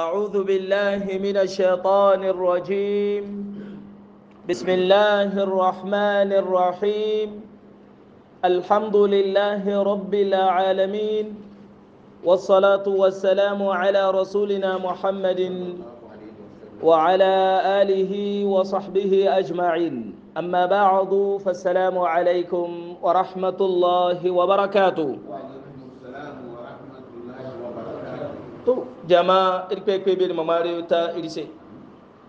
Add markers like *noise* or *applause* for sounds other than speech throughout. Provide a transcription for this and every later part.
أعوذ بالله من الشيطان الرجيم بسم الله الرحمن الرحيم الحمد لله رب العالمين والصلاة والسلام على رسولنا محمد وعلى آله وصحبه أجمعين أما بعد فالسلام عليكم ورحمة الله وبركاته jama irkpekpe beri mamare ta irise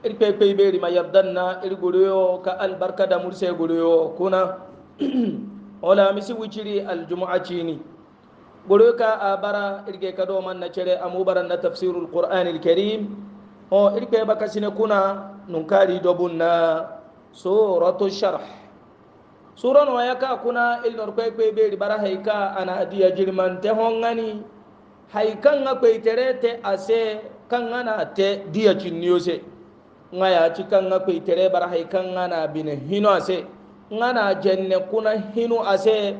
irkpekpe beri ma yardanna iri goroyo ka albarka da murse goroyo kuna *clears throat* ola misi wuciri aljumu'a cini goroyo ka a bara irke ka do man na cere amu bara na tafsirul qur'an alkarim o irkpe baka sine kuna nunkari dobun na suratu sharh suran waya ka kuna ilnor kwekpe beri bara haika ana adiya jirman te hongani hay kanga kweiterete ase kanga na te diya cinniyo se nga yaci kanga kweitere bara hay kanga na bine hino ase nga na jenne kuna hino ase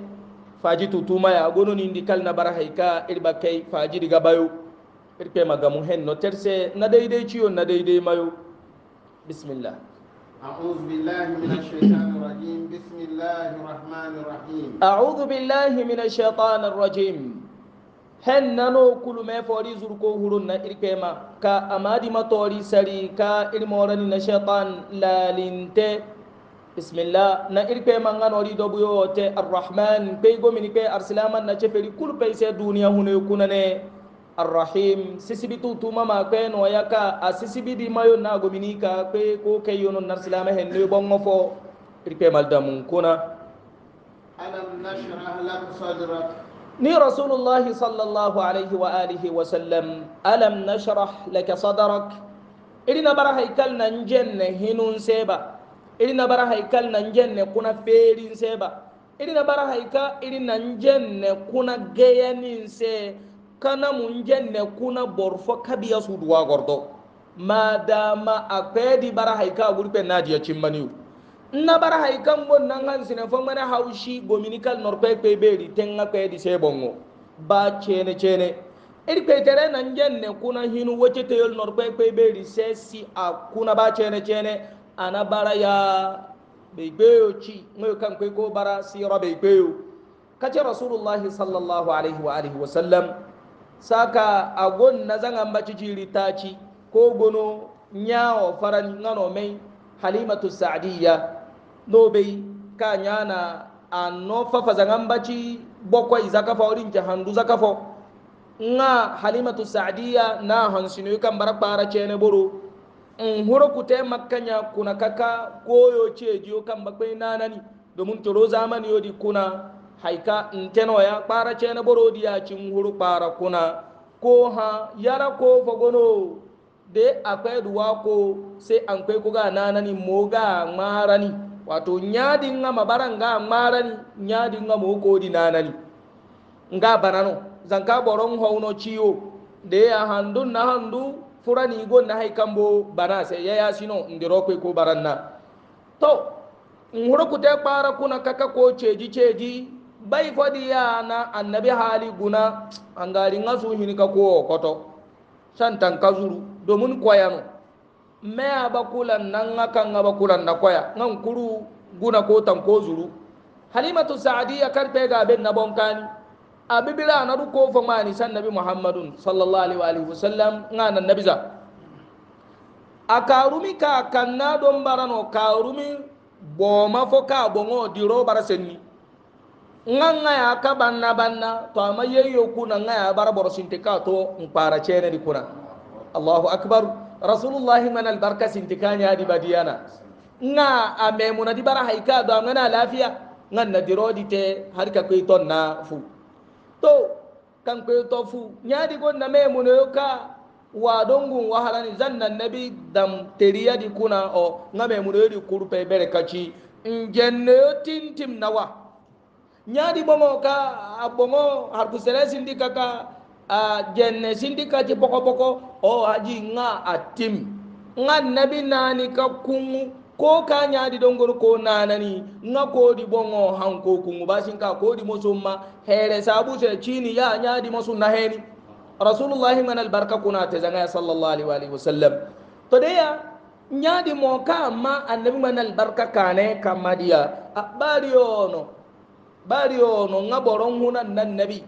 faji tutuma ya gono nindi kal na bara hay ka irba er kai faji diga bayo irpe er magamu hen no terse na daidai ciyo na daidai mayo bismillah أعوذ بالله من الشيطان الرجيم بسم الله الرحمن الرحيم أعوذ بالله من الشيطان الرجيم hen nano kulume fori zurko hurun na irkema ka amadi matori sari ka irmoran na shaitan lalinte bismillah na irkema nganori do buyo te arrahman pe go mini pe arsilaman na cheferi kul pe se duniya hune kunane arrahim sisibi tu tuma ma pe no yaka asisibi di mayo na go mini ka pe ko ke yono narsilama hen ne bongo fo irkema daldamun kuna alam nashrah lak sadrak ní rasulillah sallallahu alayhi wa alihi wa sallam alam nashrah laka sadarak irina bara haikal na njenne hinun seba irina bara haikal na njenne kuna ferin seba irina bara haika irina njenne kuna geyanin se kana mu njenne kuna borfo kabiya su duwa gordo ma dama akwai di bara haika gurpe najiya cimmaniyu na bar haikan bon nan han sine fo mana haushi gominical norpe pe beri tenga pe di sebongo ba chene chene iri pe tere nan jenne kuna hinu wace te yol norpe pe beri sesi a kuna ba chene chene ana bara ya be gbeyo ci ngoyo kan kwe ko bara sira be gbeyo kace rasulullahi sallallahu alaihi wa alihi wa sallam saka agon na zangan baci jiri taci ko gono nyawo faran ngano mai halimatu sa'diyya nobe ka nyana anno fafa zangan baci bakwai zakafo orin ke handu zakafo nga halimatu sa'diya na hansinu kan bara bara cene boro in huro ku kuna kaka koyo ce jiyo kan bakwai nanani domin choro zamani yodi kuna haika inteno ya bara cene boro diya cin huro bara kuna koha yara ko fagono de akwe duwa se sai kuga kai kuga moga marani wato ñaadingama bara nga marani ñaadingama wo koodi nanani nga barano zanka boron howno ciwo nde ya handu na handu furani go na hay kambo bana se yaya sino ndiro ko ko baranna to ngoro kute para kuna kaka ko cheji cheji bai fodi ya na annabi hali guna angari ngasu hinika ko koto santan kazuru domun koyano me abakulan nan akan bakula na koya nan kuru guna ko tanko zuru halimatu sa'diya karbe ga ben na bonkani abibira na ruko fa mani san nabi muhammadun sallallahu alaihi wa alihi wasallam ngana nabiza akarumi ka na don barano karumi boma fo ka bongo diro bara senni nganga ya ka banna banna to amma yayyo kuna ngaya bara boro sinte ka to mpara chene di kuna allahu akbar rasulullahi mana barka sintikanya di badiyana nga amemuna di bara haika do amana lafiya ngan na dirodi te har ka ton na fu to kan kai to fu nyadi gon na memuna yo ka wa dongun wahalani zanna nabi dam teriya di kuna o nga memuna yo di kurpe bere kachi njenne tintim nawa nyadi bomo ka abomo har ku sere sindika ka jenne sindika poko poko o haji nga atim nga nabi nani ka kungu ko ka ñaadi dongol ko nanani nga koodi bongo hanko kungu basin ka koodi mosumma heere sabu se ciini ya ñaadi mosunna heeni rasulullahi man albarka kunate zangaya sallllahu alayhi waalihi wasallam to deya ñaadi mo ka ma annabi man albarka kane kammadiya a ɓaari ono ɓaari ono nga ɓoron hunan nan nabi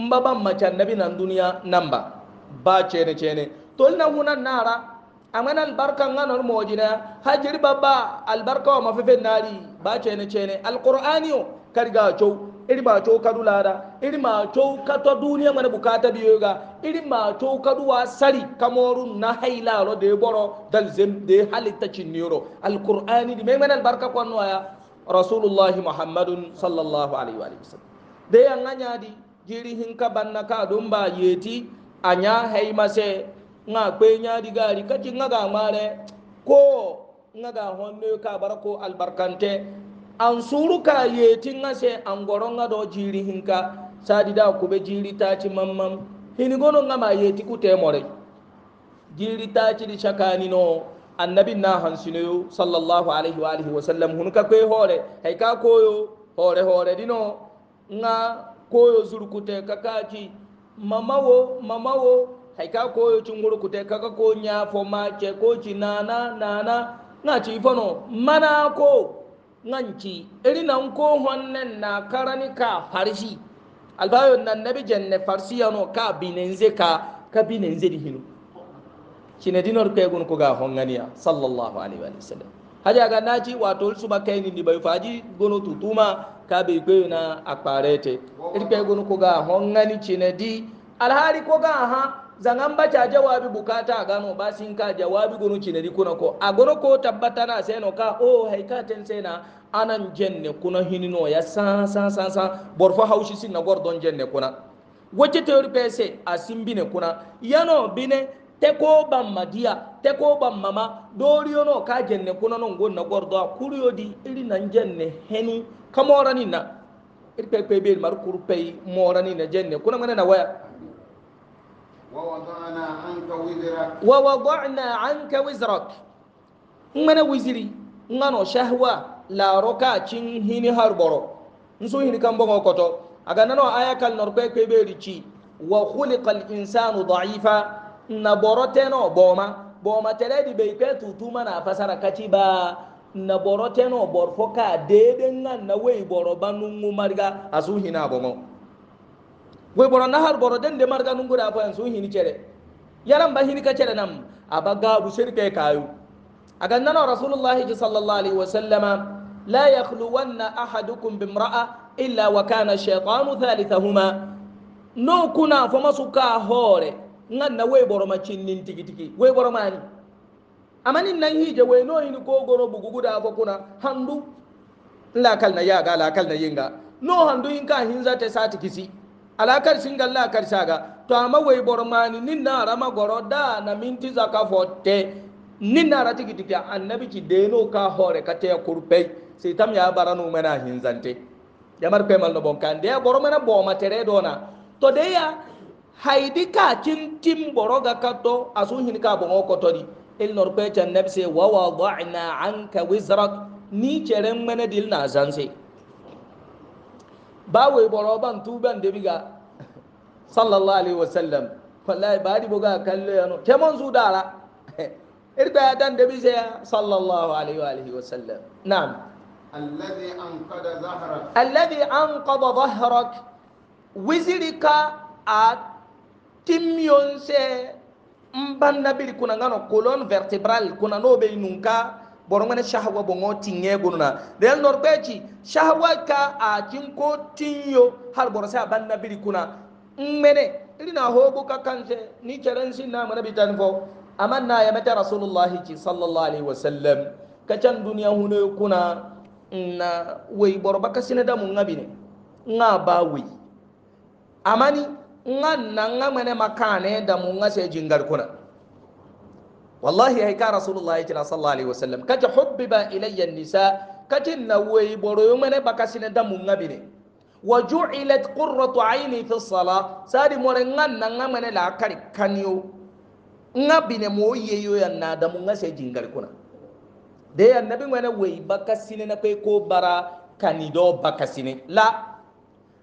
mbaban maca annabi nan duniya namba ba cene cene tol na wuna nara amana albarka ngano mojina hajir baba albarka wa mafafe nari ba cene cene alqur'ani karga chow iri ma chow kadu lara iri ma chow kato duniya mana bukata biyoga iri ma chow kadu wa sari kamoru na haila ro de boro dalzem de halitta cinniro alqur'ani di memana albarka kwano ya rasulullah muhammadun sallallahu alaihi wa sallam de yanga nyadi jiri hinka banna ka dumba yeti anya haimase nga kwe nya digari kati nga ga mare ko nga ga honne ka barako albarkante an suru ka yeti nga se an goro nga do jiri hinka sadi da kube jiri ta ci mamman hini gono nga ma yeti ku te more jiri ta ci di shakani no annabi na hansino sallallahu alaihi wa alihi wa sallam hun ka kwe hore hay ka koyo hore hore dino nga koyo zurkute kakaji mama wo mama wo haika koyo cinguru kute kaka ko nyafo mace ko ci nana nana nga ci fono mana ko nganci iri nan ko honnen na karani ka farsi albayo nan nabi jenne farsi yano ka binenze ka ka binenze di hinu shine dinor kai gun ko ga honganiya sallallahu alaihi wa sallam haja ga naci wato su ba kai ni bai faji gono tutuma kabe gweyo na akparete irpe gonu ko ga hon ngani cinedi alhari ko ga ha zangan bacha jawabi bukata gano basin ka jawabi gonu di kuna ko a gono ko tabbata na sai no ka o oh, haikaten sai na anan jenne kuna hinino ya san san san san borfo haushi sin na gordon jenne kuna wacce teori pese a simbine kuna yano bine teko ban madiya teko ban mama doriyo no ka jenne kuna non gonna gordo kuriyo di iri nan jenne henu ka morani na irpe pe be mar kurpei morani na jenne kuna ngana na waya ووضعنا عنك وزرك ووضعنا عنك وزرك ngana wiziri ngano shahwa la roka chin hini harboro nso hini kan bongo koto aga nano aya kal norpe pe be richi wa khuliqal insanu da'ifa na boroteno boma boma teredi be pe tutuma na fasara kachi ba na boro teno bor foka dede ngan na wey boro banungu marga asu hina bongo wey boro nahar boro den de marga nungu da fa su hini chere yaran ba hini ka chere nam abaga bu shirke kayu aga nana rasulullah sallallahu alaihi wasallama la yakhluwanna ahadukum bimra'a illa wa kana shaytanu thalithahuma no kuna fama suka hore ngan na wey boro ma cinnin tiki tiki wey boro mani amani nan hije we no hin ko goro bugugu da fa kuna handu la na yaga la na yinga no handu hin ka hin za ta sati kisi alakar singal la saga to amma we bormani nin na rama goro da na minti zaka fotte nin na rati gidike annabi ki deno ka hore ka te kurpe sai tam ya baranu mana hin zante yamar pe mal no bonkan de goro mana bo matere dona to de ya haidi ka kin tim boroga kato asun hin ka bon okotori النربيتان نفسي ووضعنا عنك وزرك ني من دل نازانسي باوي بروبان توبان دبيغا صلى الله عليه وسلم فالله بادي بغا كل يانو كمان سودالا *laughs* إربادان دبيزيا صلى الله عليه وآله وسلم نعم الذي أنقذ ظهرك الذي أنقذ ظهرك وزرك أتم ينسي mbanna bili kuna ngano colonne vertebrale kuna no be nunka borongane shahwa bongo tinge gununa del norbeji shahwa ka a jinko tinyo har borose abanna bili kuna mmene ilina hobu ka kanje ni kerensi na mana bitan fo amanna ya mata rasulullahi ji sallallahu alaihi wasallam ka can duniya huno kuna na wai borba ka sine da mun ngabine nga ba wai amani nga na nga mene makane da mu nga se jingar kuna wallahi hay ka rasulullahi sallallahu alaihi wasallam kati hubbiba ilayya nisa kati na wey boro yo mene bakasine da mu nga bine wa ju'ilat qurratu ayni fi sala sadi more nga na nga mene la kari kaniyo nga bine mo yeyo ya na da mu nga se jingar kuna de ya mene wey bakasine na ko bara kanido bakasine la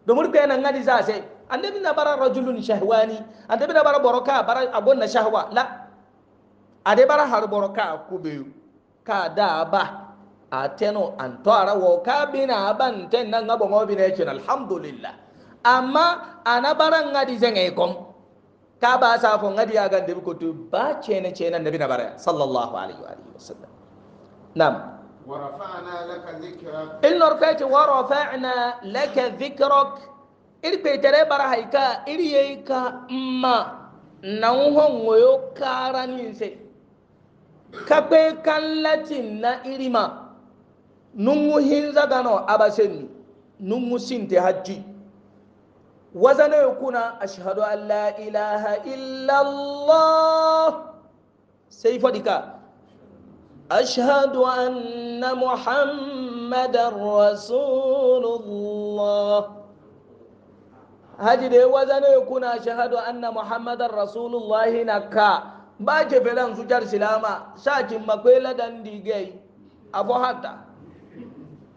domur pe na nga di sa se annabi na bara rajulun shahwani annabi na bara boroka bara abun na shahwa la ade bara har boroka kube ka da ba a teno an tara wo ka bina ban ten nan ngabo ngobi ne kin alhamdulillah amma ana bara ngadi zenge kom ka ba sa fo ngadi aga debi ko to ba chene chene annabi na bara sallallahu alaihi wa alihi wasallam nam ورفعنا لك ذكرك إن رفعت ورفعنا لك ذكرك iri kpeitere bara haika iri yei ka mma na nhon wayo kara ninse ka kpe kan latin na iri ma nungu hinza gano abasenni nungu sinte haji wazana yukuna ashhadu an la ilaha illa allah sai fadika ashhadu anna muhammadan rasulullah haji da ya kuna shahadu anna muhammadan rasulullahi nakka ba ke fedan su jar silama sakin makwela dan digai afo hatta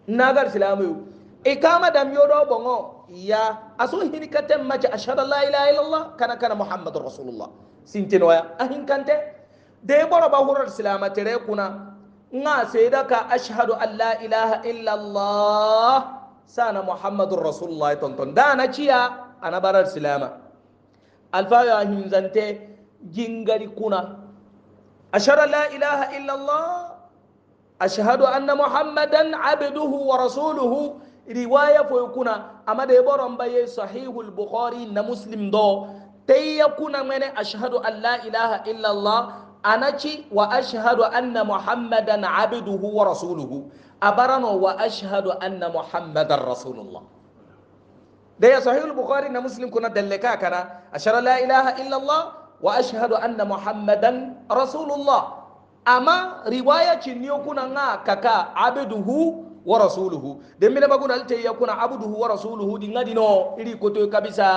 nagar silama yau ikama dam yodo bongo ya aso hini katem mace ashhadu la ilaha illallah kana kana muhammadur rasulullah sintin waya ahin kante de boro ba hurar silama tere kuna nga seda ka ashhadu an la ilaha illallah sana muhammadur rasulullah tonton dana ciya ana barar silama alfayo hinzante jingari kuna ashara la ilaha illa allah ashhadu anna muhammadan abduhu wa rasuluhu riwaya foyo kuna amada yeboron baye sahihul bukhari na muslim do tayya kuna mene ashhadu an la ilaha illa allah anaci wa ashhadu anna muhammadan abduhu wa rasuluhu abarano wa ashhadu anna muhammadan rasulullah ده يا صحيح البخاري ان مسلم كنا دلكا كنا اشهد لا اله الا الله واشهد ان محمدا رسول الله اما روايه تشنيو كنا كاكا عبده ورسوله ده من بقول التي يكون عبده ورسوله دي غادي نو الي كوتو كبسا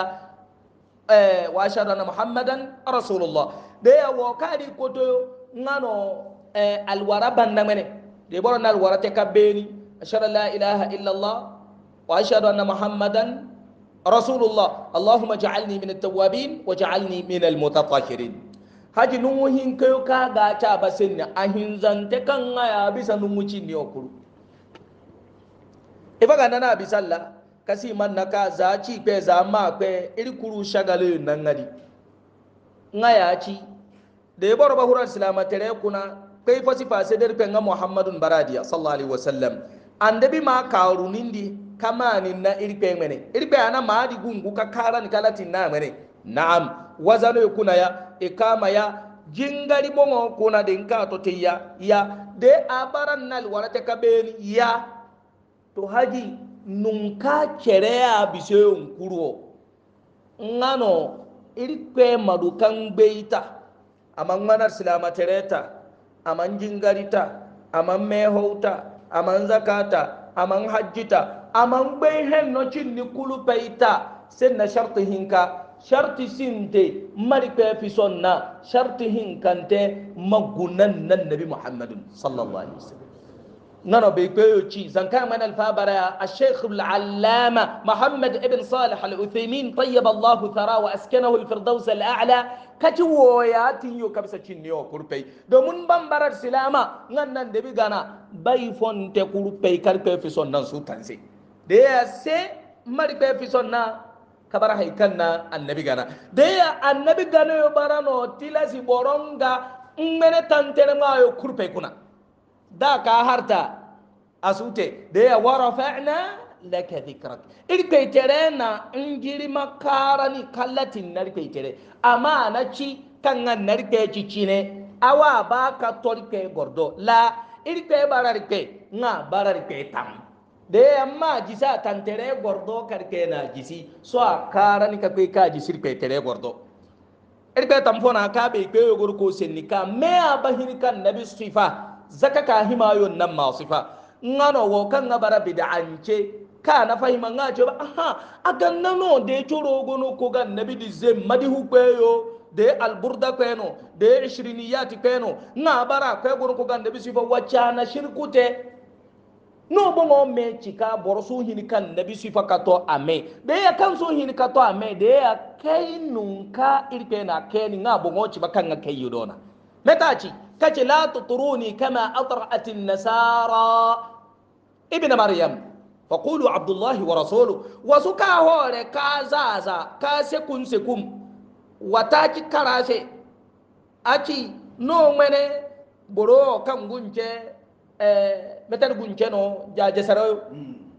آه، واشهد ان محمدا رسول الله ده وكاري كوتو نانو eh آه، الورا بندمنه ده بورنا الورا تكبيني اشهد لا اله الا الله واشهد ان محمدا رسول الله اللهم اجعلني من التوابين واجعلني من المتطهرين haji nuhin kayo ka ga ta basin ne a hinzante kan aya bisa numuci ne okuru ifa ga nana bi la kasi man na ka za ci pe za ma pe irkuru shagale nan ngadi ngaya ci da ya baro bahuran islama tare kuna kai fasifa sai pe ga muhammadun baradiya sallallahu alaihi wasallam andabi ma karunin di kama kamani na irpe mene irpe ana maadi gungu ka kara ni kalati na mene naam wazano kuna ya ikama ya jingari bongo kuna dinka to tiya ya de abara nal warata kabeni ya to haji nunka cherea biseyo nkuruo ngano irpe maduka ngbeita ama ngana silama tereta ama njingarita ama mehouta ama nzakata aman hajjita aman bai hen no cin ni kulu paita sen na sharti hinka sharti sinte mari pe fi sonna sharti hinkante magunan nan nabi muhammadun sallallahu alaihi wasallam نرى بيكويو تشي زنكا من الفابرة الشيخ العلامة محمد ابن صالح الأثيمين طيب الله ثرى وأسكنه الفردوس الأعلى كتو يو كبسة تشينيو كوربي دومون بمبرر سلامة نانا دبي غانا فون تكوربي كاربي في صنع سوتانسي دي سي ماربي في سنة kabara haikanna النبي غانا deya النبي غانا يبارانو تلازي بورونغا boronga mmene ما يو كوربي kuna da ka harta asute da ya warafa'na laka dhikrak irpe tere na ngiri makarani kallatin narpe tere amma na ci kan nan narpe ci cine awa ba ka torpe gordo la irpe bararpe nga bararpe tam da ya ma jisa tantere gordo karke na jisi so a karani ka kai ka jisi irpe tere gordo irpe tam fona ka be pe yogor ko me abahiri kan nabi sifa zaka ka himayon nan masu fa ngano wo kan nga bara bid'ance ka na fahima nga ce ba aha agan no de choro gono ko gan nabi di ze madi hukweyo de alburda kweno de ishriniyati kweno nga bara kwe gono ko gan nabi sifa wachana shirkute no bongo me chika borosu hini kan nabi sifa kato ame de ya kan so hini kato ame de ya kai nunka irpe na keni nga bongo chiba kan nga kayi dona metachi kace la tuturuni kama atra'at an-nasara ibn maryam faqulu abdullah wa rasuluhu wasuka hore ka zaza ka sekun sekum wataki karase aki no mene boro kan gunje eh metar gunje no jaje sarayo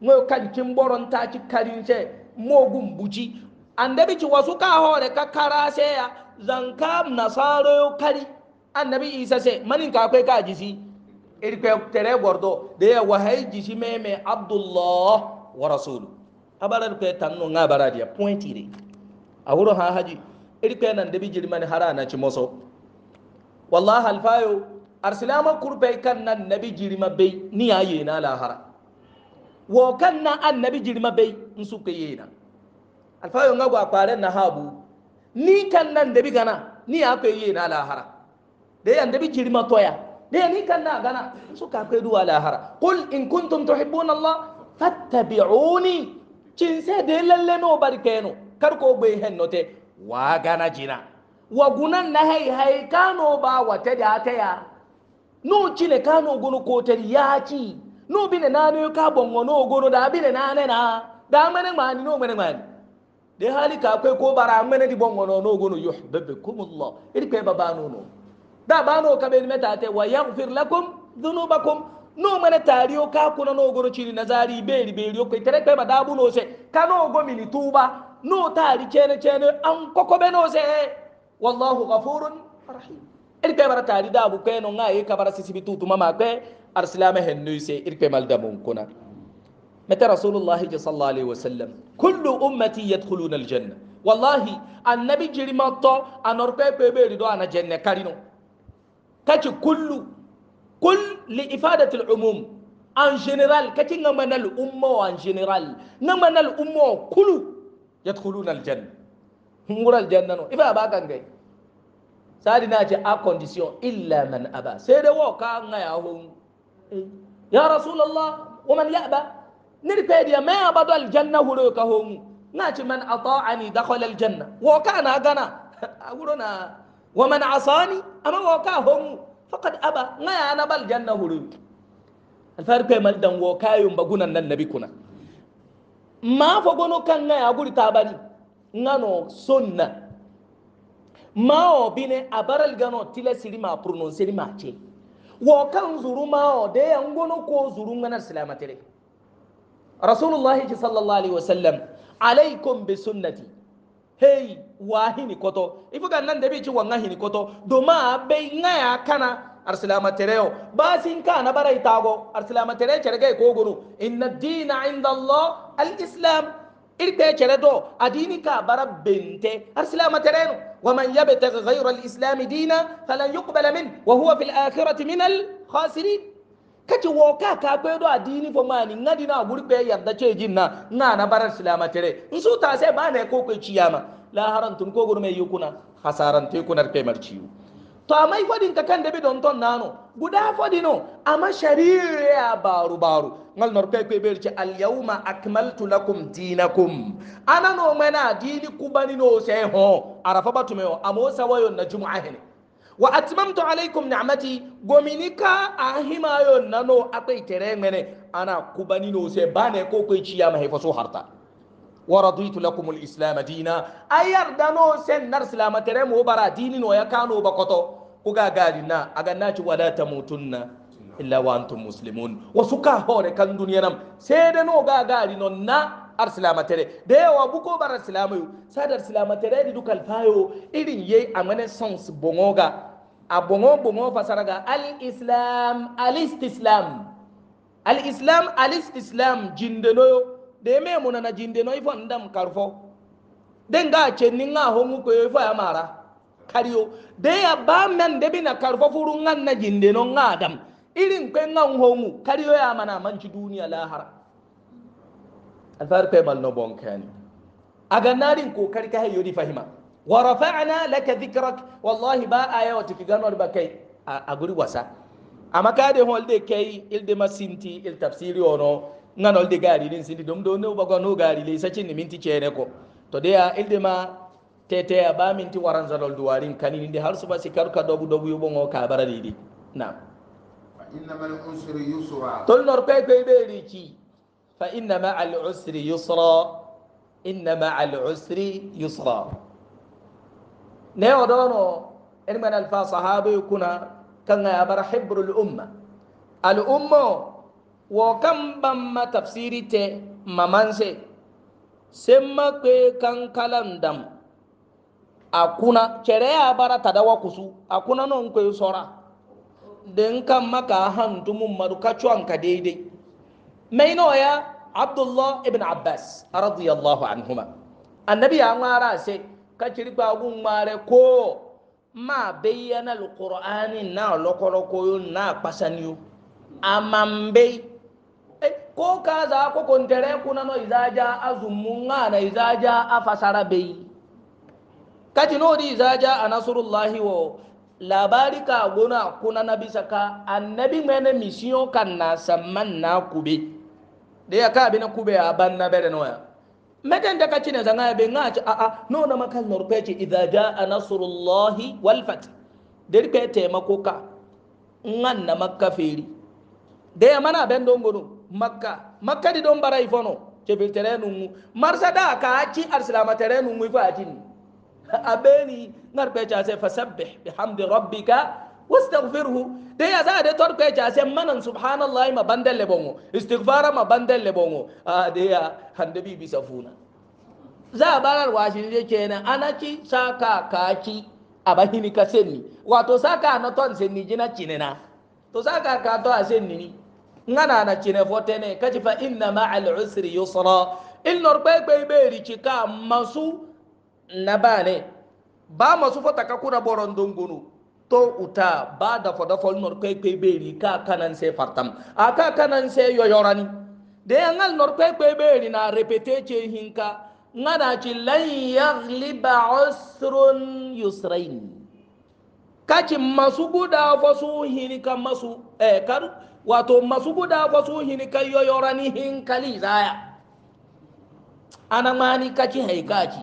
ngo hmm. kan kin boron taki karinse mogun buji andabi ci wasu ka hore ka karase ya zankam nasaro kari annabi isa se manin ka kai ka jisi iri kai tere gordo da ya wa jisi me abdullah wa rasulu abaran kai tanno nga baradi ya pointi re a wuro ha haji iri kai nan da jirman hara na ci moso wallahi alfayo arsilama kurbe kan nan nabi jirma bai ni yaye na lahara wo kan na annabi jirma bai in su kai yana alfayo nga gwa kwaren na habu ni kan nan da bi gana ni akwai na lahara da yanda bi kirma toya da yani kan na gana su ka kai duwa lahara Kul in kuntum tuhibbuna allah fattabi'uni cin sai da lalle no barkeno kar ko gbe hen note wa gana jina wa gunan na hai hai kano ba wata da ta ya no cine kano gunu ko tar ya ci no bine na ne ka bongo no gunu da bine na ne na da mene mani no mene mani de hali ka kai ko bara mene di bongo no no gunu yuhibbukumullah irke babanu no da bano kabel meta te wa yaghfir lakum dhunubakum no mana tariyo ka kuna no goro chiri nazari be ri be ri ko tere pe madabu no se ka no go mini tuba no tari chene chene an koko be no se wallahu ghafurun rahim ir pe bara tari da bu no nga e ka sisi sisibi tutu mama pe arsilama hennu se ir pe mal da mun kuna متى رسول الله صلى الله عليه وسلم كل أمتي يدخلون الجنة والله النبي جري ما تو أنور بيبي دو أنا جنة كارينو كتي كل كل لإفادة العموم ان جنرال كتي نمنا الأمة ان جنرال نمنا الأمة كل يدخلون الجنة مورا الجنة نو إفا أبا كان جاي سادي ناجي أ كونديسيون إلا من أبا سيدي وو كان يا رسول الله ومن يأبى نريبيديا ما أبا الجنة هلوك هم ناجي من أطاعني دخل الجنة وو كان أغنى أقولنا wa man asani amma wa ka homu faqad aba ngaya na bal janna huru alfar kai mal dan wo kayun bagunan nan nabi kuna ma fa gono kan ngaya guri tabani ngano sunna ma o bine abaral gano tila silima prononcer ma ce wo kan zuru ma o de yan gono ko zuru ngana silamatere rasulullahi sallallahu alaihi wasallam alaikum bi sunnati hey wahini koto ifuga nan da bici wanga hini koto doma bai ngaya kana arsilama tereo basin kana bara itago arsilama tere cerege ko gunu inna dina inda allah alislam irte cere do adini ka bara bente arsilama tereno waman yabtaghi ghayra alislam dina falan yuqbala min wa huwa fil akhirati min al khasirin kaci wo ka ka kwe do adini fo mani ngadi na gurbe yarda ce jinna na na barar silama tere nsu ta sai ba ne ko kwe ciyama laharan tun ko gurme yukuna hasaran te kunar kai marciyu to amai fadin ka kan dabi don ton nano guda fadino ama shari'a baru baru ngal nor kai kai berci al yawma akmaltu lakum dinakum ana no mana dini kubani no sai ho arafa batume o amo sawayo na jumu'a hene wa atmamtu alaikum ni'mati gominika ahima yo nano akai tere mene ana kubani no sai bane ko kai ciya mahaifa so harta ورضيت لكم lakum دينا islam dina ayar dano sen nar silamatere mo bara dini no ya kano bakoto kuga gari na aga naci wala tamutunna illa wa antum muslimun wasu ka hore kan duniya nam sai da no ga gari non na ar silamatere da yawa buko bara silamayu sadar silamatere di dukal fayo irin yayi amane sans bongoga a bongo bongo fasaraga al islam al istislam al islam al istislam jindenoyo de me muna na jinde no ifo ndam karfo den ga che ni nga ho ngu ko ifo ya mara kariyo de ya ba men de bi na karfo furu ngan na jinde no nga adam irin kwen nga ho ngu kariyo ya mana manci duniya lahara alfar pe mal no bonken aga narin ko kari ka hayo di fahima wa rafa'na laka dhikrak wallahi ba aya wa tikigano ba kai a wasa amma de holde kai ilde masinti il tafsiri ono ngano ilde gari din sindi dom do no bago no gari le sace ni minti cere ko to de ya ilde ma tete ya ba minti waran zalol duwarin kanin de har su ba sikar ka dobu dobu yobo ngo ka bara di na fa inna mal usri yusra tol nor pe pe be ri ki fa inna ma al usri yusra inna ma al usri yusra ne odono en man al fa sahabe kuna kan ya bar hibrul umma al umma wo kan bamma tafsiri te mamanse semma kwe kan kalan dam akuna cere ya bara tadawa kusu akuna non kwe sora den kan maka hantumun madu kacuwan ka daidai mai noya abdullah ibn abbas radiyallahu anhuma annabi ya ngara se ka cirgba gun mare ko ma bayyana alqur'ani na lokoloko na pasaniyo amambe ko ka za ko kontere kuna no izaja azumunga na izaja afasara bei kati no di izaja anasurullahi wo labari ka gona kuna nabi saka annabi mene misiyo kan na samman na kube de ya ka abin kube a ban na bere noya mekan da kaci ne zanga be nga a a no na makal norpeci izaja anasurullahi wal fath dirke taimako ka ngan na makkafiri da ya mana ben dongono makka makka di don bara ifono cebil terenu mu marsa da ka ci arsilama terenu mu ko ajin *laughs* abeni ngar pe cha se fasabbih bihamdi rabbika wastaghfirhu de ya za de tor pe cha se manan subhanallahi ma bandalle bongo istighfara ma bandalle bongo a de ya hande bi bi safuna za barar washi de kenan anaki saka kaki abahini kaseni wato saka na ton sen ni jina cinena to saka ka to asen ni ngana na chine fotene kachi fa inna ma'al usri yusra il nor kwe kwe beri chika masu nabane ba masu fota kakuna boron dungunu to uta ba da foda fol nor kwe kwe beri ka kanan se fartam aka kanan se yoyorani de ngal nor kwe kwe beri na repete che hinka ngana chi lan yaghliba usrun yusrain kachi masu guda fasu hinika masu eh karu wato masu guda ba su hini kai yoyora ni hinkali zaya ana mani kaci haikaci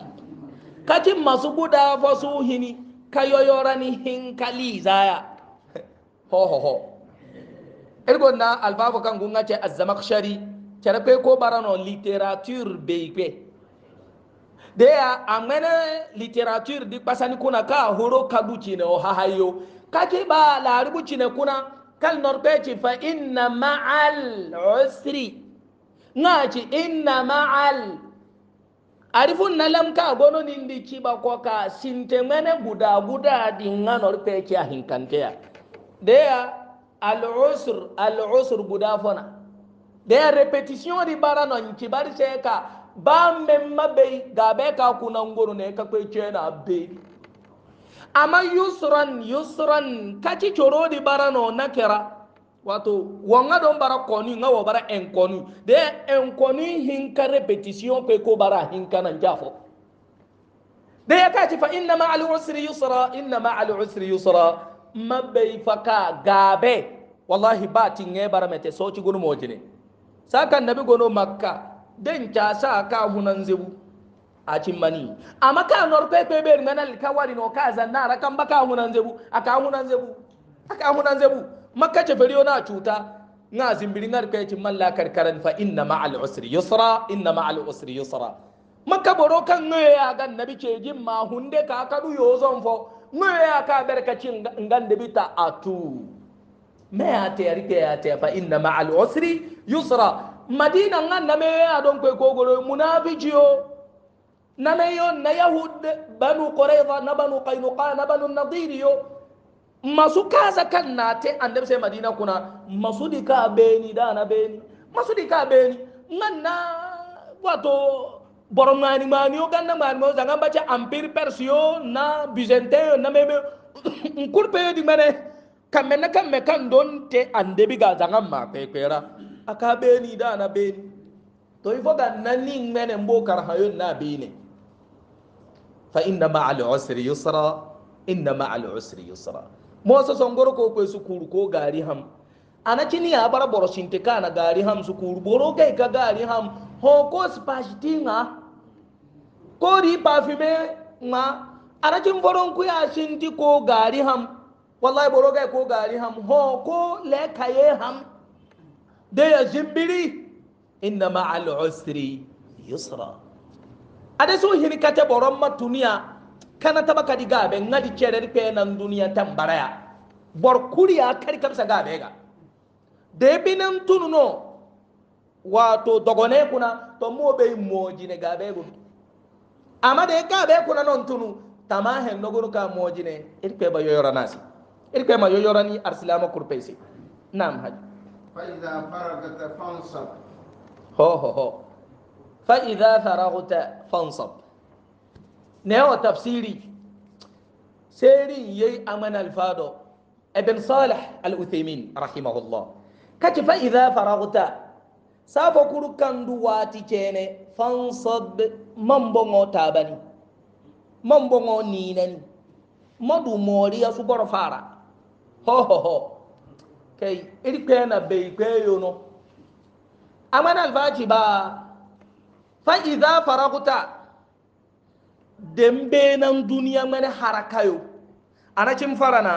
kaci masu guda ba su hini kai yoyora ni hinkali zaya ho ho ho irgon na albabu kan gunga ce azzamakshari cerpe ko barano literature beipe de ya amene literature di pasani kuna ka horo kabu cine o hahayo kaki ba laribu cine kuna kal norbeji fa inna ma'al usri ngaji inna ma'al arifun nalam ka gono nindi ciba ko ka sinte mene guda guda di nga norbeji a hinkanteya deya al usr al usr guda fona deya repetition di bara non cibar seka ba memma be gabe ka kunangoro ne ka kwe chena be amma yusran yusran kaci coro di bara no nakera kera wato wonga don bara koni nga wo bara en koni de en koni repetition pe ko bara hin kana jafo de ya kaci fa inna ma al usri yusra inna ma al usri yusra mabai faka gabe wallahi ba tinge bara mete soci gonu mojine saka nabi gono makka den ca sa ka hunan zebu acimmani amma ka nor pe pe be ngana ka wari no ka zanna ra kan baka hunan zebu aka hunan zebu aka hunan zebu makka ce feriyo na cuta na zimbiri ngar pe ci malla karkaran fa inna ma al usri yusra inna ma al usri yusra makka boro kan ngoye ya ga nabi ce jin ma hunde ka kadu yo zon fo ngoye ya ka barkacin ngan da bita atu me ya te rike ya te fa inna ma al usri yusra madina ngan na me ya don ko gogoro munafijiyo nanayo na yahud banu qurayza na banu qainuqa na banu nadir yo masu kasa kan na te annabi sai madina kuna masu dika beni da na beni masu dika beni nan na wato borom mani mani yo ganna mani mo zanga bace empire persio na byzantin na meme nkurpe di mene kamme na kamme kan don te andebi ga zanga ma kwekwera aka beni da na beni to ifo nanin mene mbo karhayon na beni fa inna ma al usri yusra inna ma al usri yusra mo so son goro ko pe su kuru ko gari ham anakini ya bara boro shinte kana gari ham su kuru boro kai ka gari ham ho ko spashtinga ko ri parfume ma anakin boron ku ya shinti ko gari ham wallahi boro kai ko gari ham ho ko le kaye ham de ya jimbiri inna ma al usri yusra ada so hini kate boron matuniya kana taba kadi gabe ngadi cerer pe nan duniya tambaraya bor kuriya kari kamsa gabe ga de binan tununo wato dogone kuna to mo be mojine gabe gun amma de gabe kuna non tunu tamahen nogoro ka mojine irpe ba yoyora nasi irpe ma yoyora ni arsilama kurpeisi nam haji fa idza fansab ho ho ho fa idza fansab newa tafsiri seri yayi aman alfado ibn salih al-uthaymin rahimahullah kace fa idza faragta safo kuru kandu wati cene fansab mambongo tabani mambongo ninani madu mori ya su boro fara ho ho ho kai iri na bai kwe yono aman alfaji ba fa idha faraguta dembe nan duniya mane harakayo anacin farana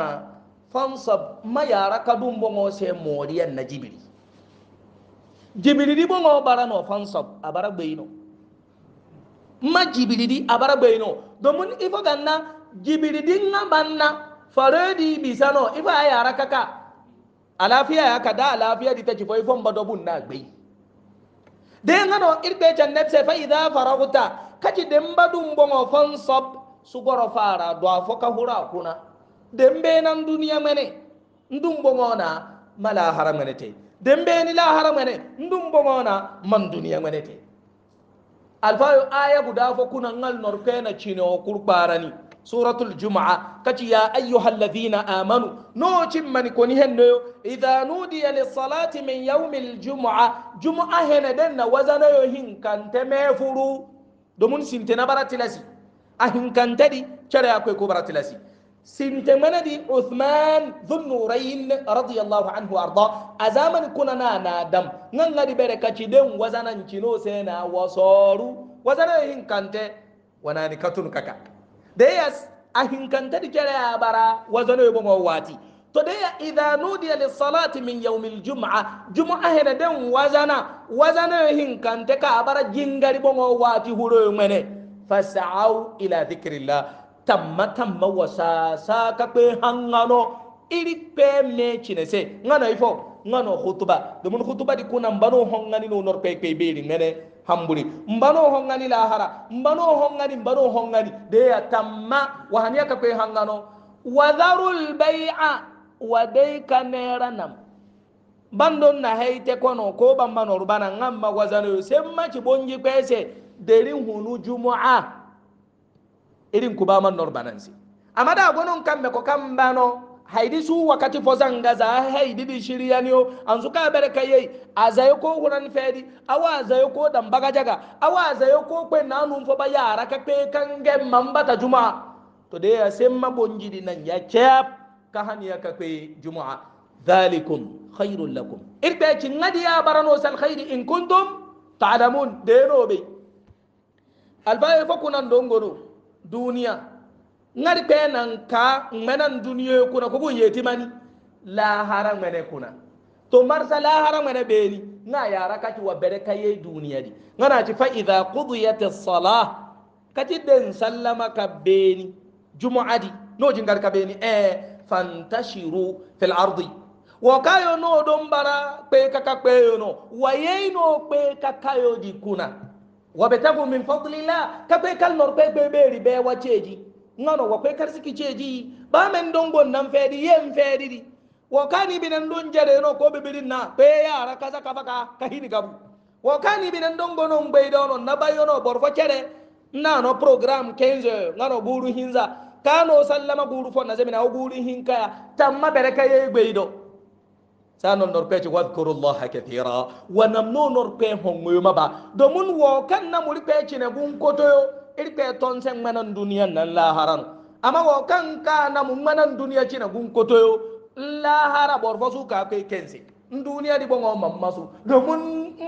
fansab mayara kadun bongo se moriyan na jibiri jibiri di bongo bara no fansab abara gbeino ma jibiri di abara gbeino domin ifo ganna jibiri di nga banna faredi bisano ifo ayara kaka alafiya ya kada alafiya di ta ci ifo mbadobun na gbeino de ngano irbe jannat se fa idha kaci demba dum bongo fon sob sugoro fara do afoka hura kuna dembe nan dunia mene ndum bongo na mala mene te dembe ni la haramene ndum bongo na man duniya mene te alfayo aya guda fo kuna ngal na chino kurparani سورة الجمعة كتي يا أيها الذين آمنوا نوتي من كوني هنو إذا نودي للصلاة من يوم الجمعة جمعة هنا دنا وزن يهين كان تمافرو دومون سنتنا برات لسي أهن كان تدي شرع كويكو برات لسي سنتمنا دي عثمان ذو النورين رضي الله عنه وأرضاه أزامن كنا نانا دم نادم دي بركة دم وزن انشنو سينا وصارو وزن يهين كان وناني ونانكتن كاكا deyas ahinkantadi kereya bara wazanoyo e bomo waati to deya ida nudiya lisalati min yaumi ljum'a jum'a hene den wazana wazanoyo e hinkante ka bara jingari bomo waati huroyo ŋene e fasaau ila dhikrillah tamma tamma wasasa ka kpe hangano iri kpe me cinese ŋano ifo ŋano hutuba domin hutuba di kunambano honganino nor kpekpe beri ŋene hamburi mbano hongani lahara mbano hongani mbano hongani deya ya tamma wahaniya ka kwe hangano wadharul bai'a wadai kanera nam bandon na haite kono ko ban manor bana ngamma wazano semma ci bonji kwese derin hunu jumu'a irin kuba man amada gonon kambe ko kambano haidi su wakati fosan gaza haidi di shirya niyo anzuka su kabar ka yi a fedi awa zayo ko dan jaga awa zayo ko kwen na numfo ba yara mambata juma today dai ya sai mabonjiri nan ya kake juma hanya ka kwe juma'a zalikum khairul lakum irbe kin ngadi ya barano sal khairi in kuntum ta'lamun deno be albayo fa kunan dongono dunia ngari pe nan ka ngmenan duniya kuna ko bun yeti mani lahara ngmene kuna to marsa lahara ngmene beni nga yara kati wa bere kaye duniya di ngana ci fa idha qudiyat as-salah kati den sallama ka beni jumu'adi no jingar ka beni eh fantashiru fil ardi wa kayo no don pe kaka pe yo no waye no pe kaka yo di kuna wa betagu min fadlillah ka pe kal nor pe be beri be wacheji ngano wa kwe karsiki ceji ba men dongo nan fedi yen fedi di wa kani binan don jere no ko bibirin na pe yara kaza kafa ka kahini gabu wa kani binan dongo no mbai dono na bayo no borfo cere na no program 15 ngano buru hinza kano sallama buru fo na zemina o buru hinka tamma bereka ye gbeido sanon norpeji wadhkurullaha kathira wa namnu norpe hongoyuma ba domun wo kan na muri peci ne gun kotoyo irpe ton sen manan duniya nan laharan amma wo kan ka na mun manan duniya cina gun kotoyo lahara borfo su ka kai kense duniya di bongo mamma su domin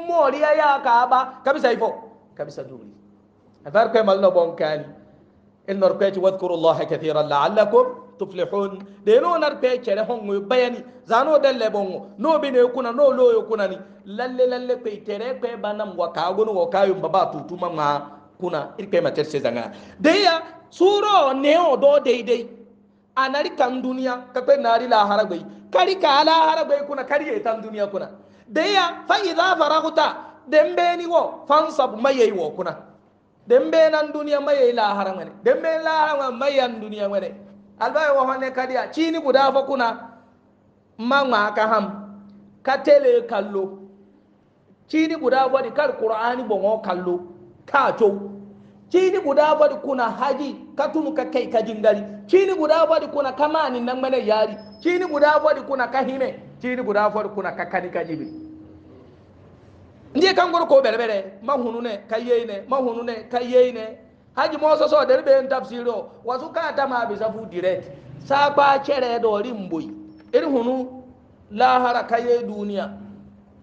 moriya ya ka ba kabisa ifo kabisa duri afar kai mallo bon kani in narkaci wadkurullaha kathiran la'allakum tuflihun da yano nar pe chere hongo bayani zano dalle bongo no bine kuna no loyo kuna ni lalle lalle pe tere pe banam wa kagono wa kayo baba tutuma ma kuna irpe mater se zanga deya suro neo do deidei anari kan duniya kakwe nari la haragwai kari ka la haragwai kuna kari ya tan duniya kuna deya fa idza faraghta dembe ni wo fansab maye wo kuna dembe nan duniya maye la harangane dembe la harangane maye duniya ngane albaye wo honne kadiya chini guda fa kuna mangwa ka ham ka tele kallo chini guda wadi kar qur'ani bongo kallo ka chini guda bari kuna haji katunu ka kai ka chini guda bari kuna kamani nan mana yari chini guda bari kuna kahime, chini guda bari kuna ka kani ka jibi ndiye kan ko berbere mahunu ne kayyei ne mahunu ne kayyei ne haji mo so so derbe en tafsiro wasu ka ta ma bi safu direct sa ba chere do rimboy irin hunu lahara kayyei duniya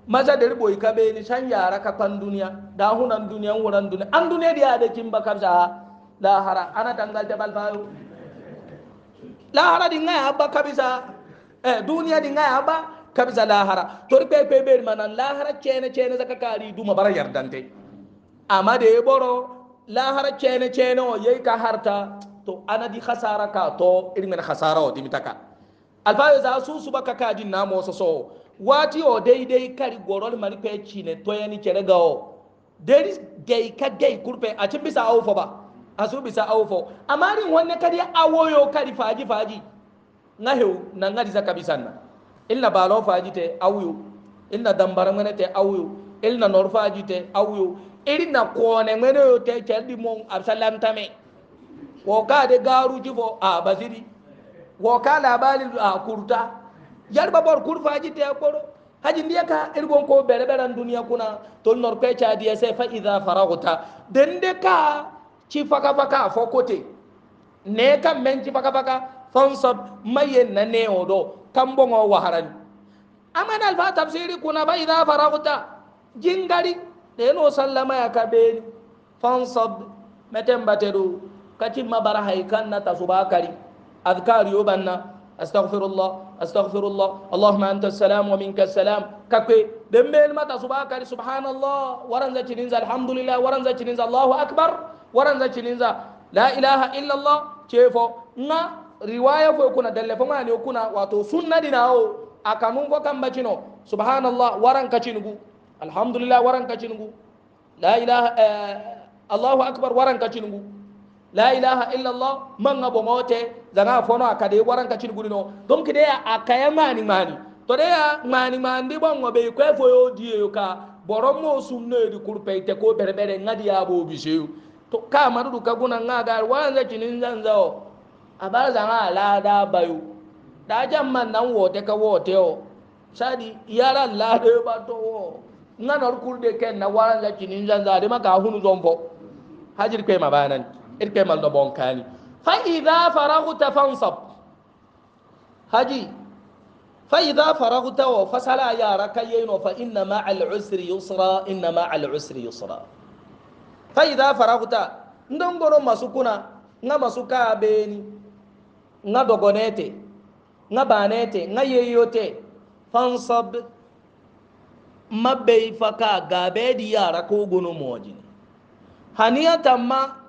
maza da ribo ka bai ni san yara ka kan duniya da hunan duniya wuran duniya an duniya da ya da kin baka za lahara ana dangal da balbayo lahara din ngaya ba kabisa eh duniya din ngaya ba kabisa lahara to ribe be be manan lahara cene cene zaka kari duma bara yardante amma da ya boro lahara cene cene o yayi ka harta to ana di khasara ka to irin khasara o dimitaka alfayo za su su baka kajin namo so so wati o daidai kari gorol mani pe chine toyani chere gawo there is gay ka gay kurpe a cin bisa awfo ba a su bisa awfo amma rin wanne kadi awoyo kari faji faji na hew na ngadi zaka bisanna illa balo faji te awyo illa dambara ngene te awyo illa nor faji te awyo iri na kone ngene yo te cheldi mon absalam tame wo ka de garu jifo a basiri wo ka labali a kurta yarba bor kurfa ji te koro haji ndiya ka irgon ko bere bere duniya kuna tol nor pe cha dia se fa idha faraghta dende ka ci faka faka fo kote ne kan men ci faka faka fansab maye na ne odo kan bongo waharani aman alfa tafsiri kuna ba idha faraghta jingari de no sallama ya kabeni fansab meten batedo kati mabara haikan na tasubakari azkar yobanna astaghfirullah astaghfirullah allahumma anta salam wa minka salam kakwe dembel mata subaka ni subhanallah waranza chininza alhamdulillah waranza chininza allahu akbar waranza chininza la ilaha illa allah chefo nga riwaya fo kuna dalle fo mani kuna wato sunna dinao akanun fo kamba chino subhanallah waran kachinugu alhamdulillah waran kachinugu la ilaha allahu akbar waran kachinugu la ilaha illallah manga bongote zanga fono akade waranka chiri gurino donc de akaya mani mani to de mani mandi bongo be kwe foyo die ka boromo sunne di kurpeite ko berbere ngadi abo biseyo to ka madudu ka guna ngaga wanza chini zanzao abara zanga la da bayo da jamman nan wote ka wote o sadi yara la de bato o ngana kurde ken na waranza chini zanzao de maka hunu zombo hajir kwe mabanani irke mal do bon kani fa idha faraghta fansab haji fa idha faraghta wa fasala ya rakayno fa inna ma al usri yusra inna ma al usri yusra fa idha faraghta ndongoro masukuna nga masuka beni nga dogonete nga banete nga yeyote fansab mabbe faka gabe di yara ko gono mojini haniyata ma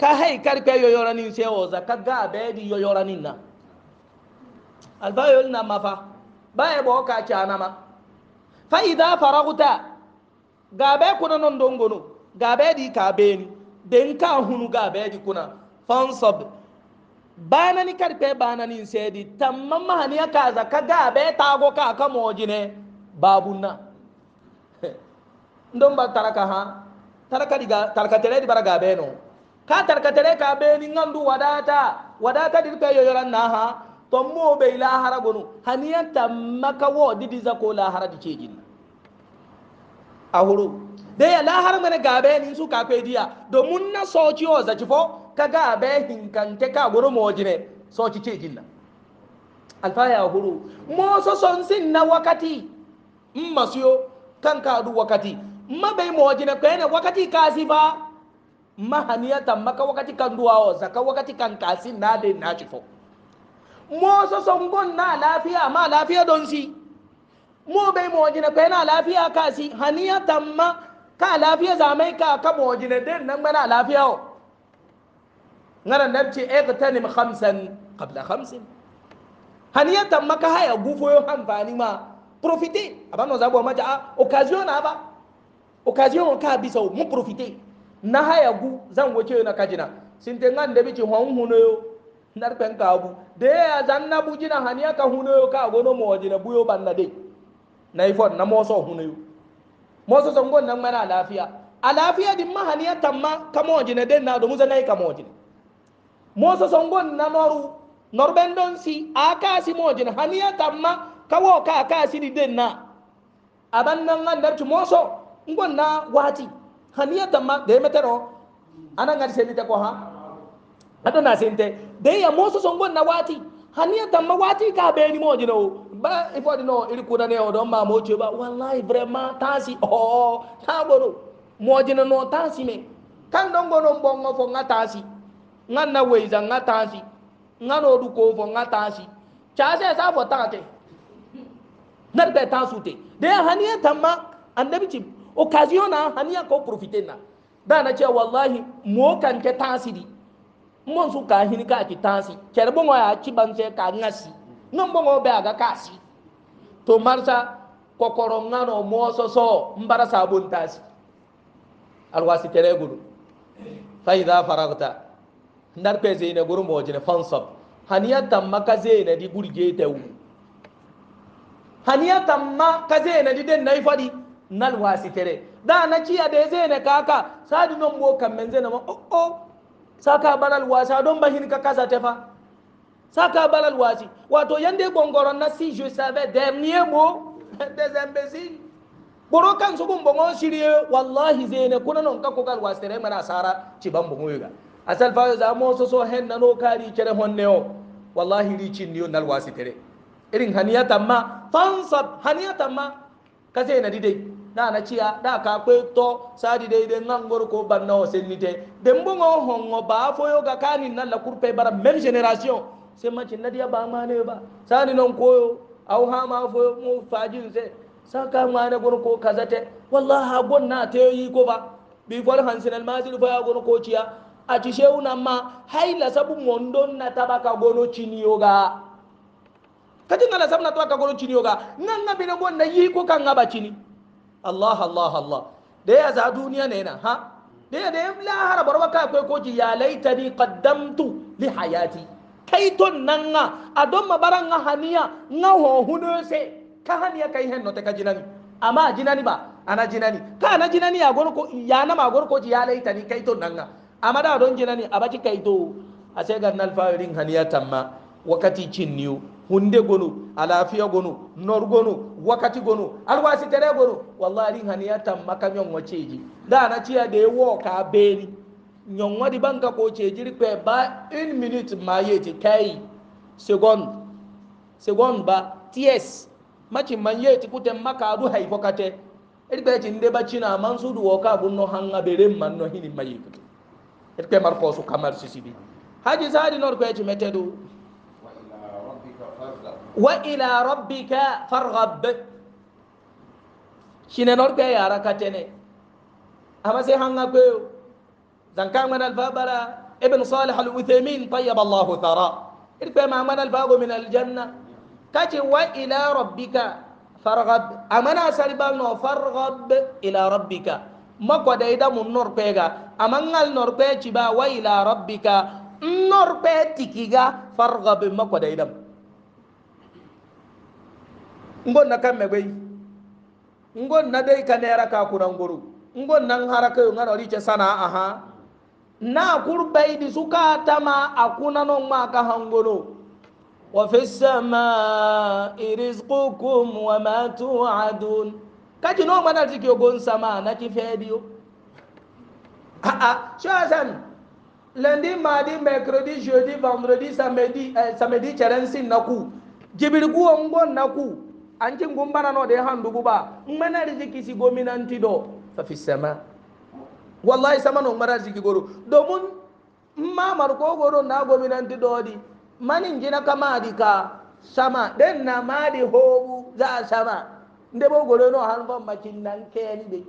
E ka hay karpe yoyoranin sewoza ka ga ɓeedi yoyoranin na alfayol nama fa baye ɓo ka canama fa ida faraguta ga ɓe kuna non dongono ga di ka ɓeeni den ka hunu ga ɓeedi kuna fansob banani ni bananin seedi tamma mahaniya kaza ka ga ɓe tago ka ka mojine babunna *laughs* ndon ba taraka ha taraka diga taraka teledi bara ga ɓe no ka tarkatere ka beni ngandu wadata wadata dirka yoyoran naha to mo be lahara gonu haniyan tammaka wo didi zako ko lahara di cejin ahuru de ya lahara mane gabe ni su ka pe dia domun na soci o za cifo ka gabe hinkante ka goro mojine soci cejin na alfaya ahuru mo so son sin na wakati mmasiyo kan ka du wakati mabai mojine ko yana wakati kasi ba mahaniyata maka wakati kan duwawo zaka wakati kan kasi na de na chifo mo so songon na lafiya ma lafiya don si mo bai mo jina kai na lafiya kasi haniyata ma ka lafiya zamai ka ka mo jina den nan bana lafiya o ngara nabci iqtanim khamsan qabla khamsin haniyata maka haya gufo yo hanfani ma profiter abano zabo maja occasion aba occasion ka biso mo profiter na haya gu zan wace na kajina sinte ngan de bici hon hunoyo nar pen ka bu de ya zan na bu jina haniya ka hunoyo ka na mo jina buyo banda de na ifon na moso hunoyo moso son gon nan mana lafiya a lafiya din ma haniya tamma ka mo jina den na do mu zanai ka mo jina moso son na noru norben don si aka si mo jina haniya tamma ka wo ka aka si di den na abannan ngan dar ci moso ngon na wati haniya damma de metero ana ngati seni te ko ha ada na sente de ya moso songo na wati haniya damma wati ka be ni moji no ba ifo di no iri kuna ne odon ma mo che ba wallahi vraiment tasi oh ta oh, bono moji no tasi me kan don gono mbongo fo ngatasi nganna weiza ngatasi ngano du ko fo ngatasi chase sa fo take nar be tasu te de haniya damma annabi ci occasion na haniya ko profiter na da na ce wallahi mo kan ke tasiri mon su ka hini ka ki tasi ker bon ya ki ban ce ka ngasi non bon be aga kasi to marsa kokoro ngano mo so so mbara sabun tasi alwasi tere gudu fa idha faragta ndar pe zeine guru mo jine fansab haniya tamma ka zeine di gurje tewu haniya tamma ka zeine di den nay fadi nal wasi tere da na ciya da zai ne kaka sadi non bo kan men zai na o o saka baral wasa don bahin ka kasa tefa saka baral wasi wato yande gongoron na si je savais dernier mot *laughs* des imbéciles boro kan su gun bongo shirye wallahi zai ne kuna non ka ko gal wasi tere mana sara ci ban bongo yuga asal fa za mo so so hen na no kari kere honne o wallahi ri cin niyo nal wasi tere irin haniyata ma fansab haniyata ma kase na didai na na ya, da ka kwe to sadi dai dai nan gor ko banna o sennite dem bo ngo hongo ba fo yo ga kani na la kurpe bara même génération sai ma cin nadiya ba ma ne ba sani non koyo au ha ma fo mu fajin se saka ma ne gor ko kazate wallahi gon na te yi ko ba bi fol hansin al mazil fo ya gor ko ciya a ci shehu na ma haila sabu mondon na tabaka gono cini yoga kati ngala sabu na to ka gono cini yoga nan na bi na gon na yi ko kan ngaba cini allah allah allah da ya za duniya ne na ha da ya da ya lahara barwa ka akwai koji ya laita ni qaddamtu li hayati kai ton nan nga adon mabaran nga haniya nga ho huno se ka haniya kai hen no te ka jinani amma jinani ba ana jinani ka ana jinani ya gor ko ya na ma gor ko ji ya laita ni kai ton nan nga amma da don jinani abaci kai to a sai ga nan fa ring haniya tamma wakati cin niyo hunde gono alafiya gono nor gono wakati gono alwasi tere gono wallahi haniya tamma kam yon waceji da na ciya da yawo ka beni yon wadi banka ko cejiri pe ba in minute ma yeti kai second second ba ts Machi man yeti kuten maka du haifo kate irpe ci nde ba cina man su du woka bunno hanga bere man no hini mayi irpe mar ko su kamar sisibi haji sadi nor ko ci metedu wa ila rabbika farghab shine nor be yara katene amma sai hanga ko zanka man al fabara ibn salih al uthaymin tayyib allah thara irbe ma man al fago min al janna kace wa ila rabbika farghab amana salba no farghab ila rabbika mako da ida mun nor pega amangal nor pe ci ba wa ila rabbika nor pe tikiga farghab mako da idam ngon na kan megbe ngon na dai ka nera ka kuran guru ngon nan haraka yo ngano rice sana aha na kurbai di suka tama akuna non ma ka hangono wa fi samaa'i rizqukum wa ma tu'adun kaji no mana tiki gon sama na ki fediyo a a shasan lundi mardi mercredi jeudi vendredi samedi eh, samedi cherensin naku jibirgu ngon naku anci gumbana no de handugu ba mana rezeki si gominanti do fafi sama wallahi sama no ngmana rezeki goro domin ma marko goro na gominan tido di manin jina kama di ka sama den na ma di hobu za sama nde bo goro no hanfan macin nan keni de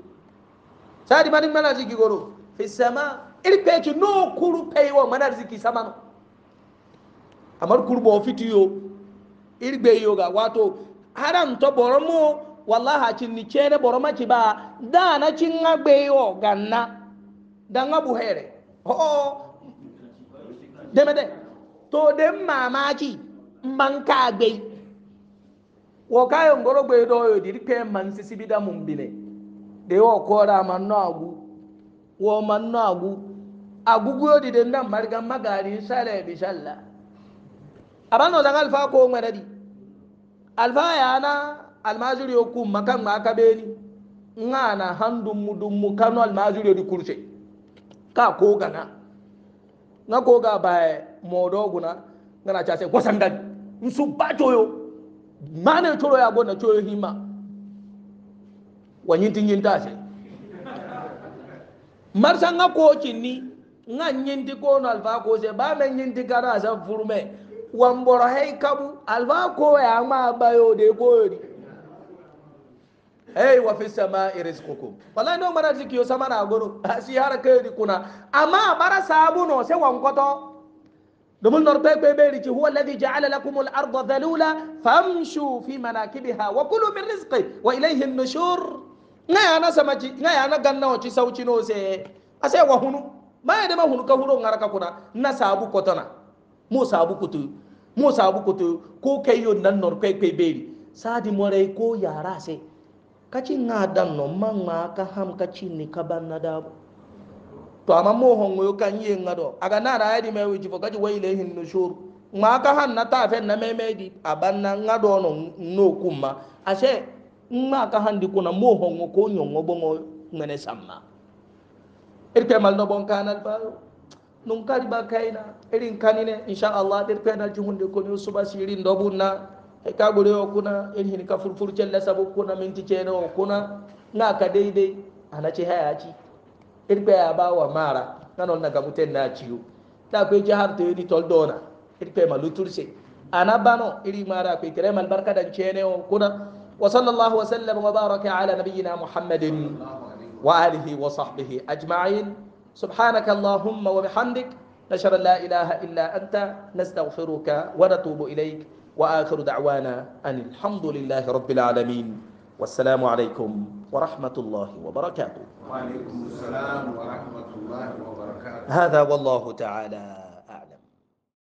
sadi mani mana riziki goro fi sama iri peki no kuru peiwo mana rezeki sama no amar kurbo bo fitiyo iri gbeyo ga wato haram to boromo wallahi cin ni cene boroma ci ba da na cin nga gbeyo ganna da nga buhere ho oh, deme de to dem mamaki man ka gbe wo kayo ngoro gbe do yo diri pe man sisi bida mumbine de wo kora man no agu wo man no agu agugu yo di de nan marga magari sare bi salla abano da alfa ko ngara di alfaya na almajiri yoku makan ma aka beni nga na handum mudum mu kanu almajiri di kurse ka ko gana na ko ga bae modo guna ngana cha se gwasandan nsu ba toyo mane toro ya gona toyo hima wanyin tinyin ta se marsa nga ko kinni nga nyindi ko no alfa ko se ba men nyindi kana sa furume wamboro hai kabu alba koya ma bayo de boyori hey wa fi sama irizqukum wallahi no mara ziki yo sama na goro si har kai di kuna amma bara sabu no se wan koto domin nor pe pe be ci huwa alladhi ja'ala lakum al-ardha dhalula famshu fi manakibiha wa kulu min rizqi wa ilayhi nushur ngaya na sama ci ngaya na ganna o ci sauci no se ase wa hunu ma ya de hunu ka huro ngaraka kuna na sabu kotona mo sabu kutu mo sabu koto ko kai yo nan nor kai kai beri sadi more ko yara se kaci nga dan no manga ka ham kaci ni kaban na da to amma mo hongo yo kan yi ngado aga na ra yadi me wiji fokaji wa ilehin nushur ma ka han na ta fe na me me di abanna ngado no no kuma ase ma ka han di kuna mo hongo ko nyongo bongo ngene samma irke er mal no bon kanal bayo nun kari ba kaina irin kanine insha Allah dir pena juhunde ko ni suba sirin dobunna e ka gure o kuna in hin ka furfur cella sabu kuna minti cene o kuna na ka daidai ana ce haya ci irbe ya ba wa mara nanon na gamuten na ciyo da ko ji har to ni tol dona irbe ma luturse ana bano iri mara ko tere mal barka dan cene o kuna wa sallallahu wa sallam wa baraka ala nabiyyina muhammadin wa alihi wa sahbihi ajma'in سبحانك اللهم وبحمدك نشهد أن لا إله إلا أنت نستغفرك ونتوب إليك وآخر دعوانا أن الحمد لله رب العالمين والسلام عليكم ورحمة الله وبركاته وعليكم السلام ورحمة الله وبركاته هذا والله تعالى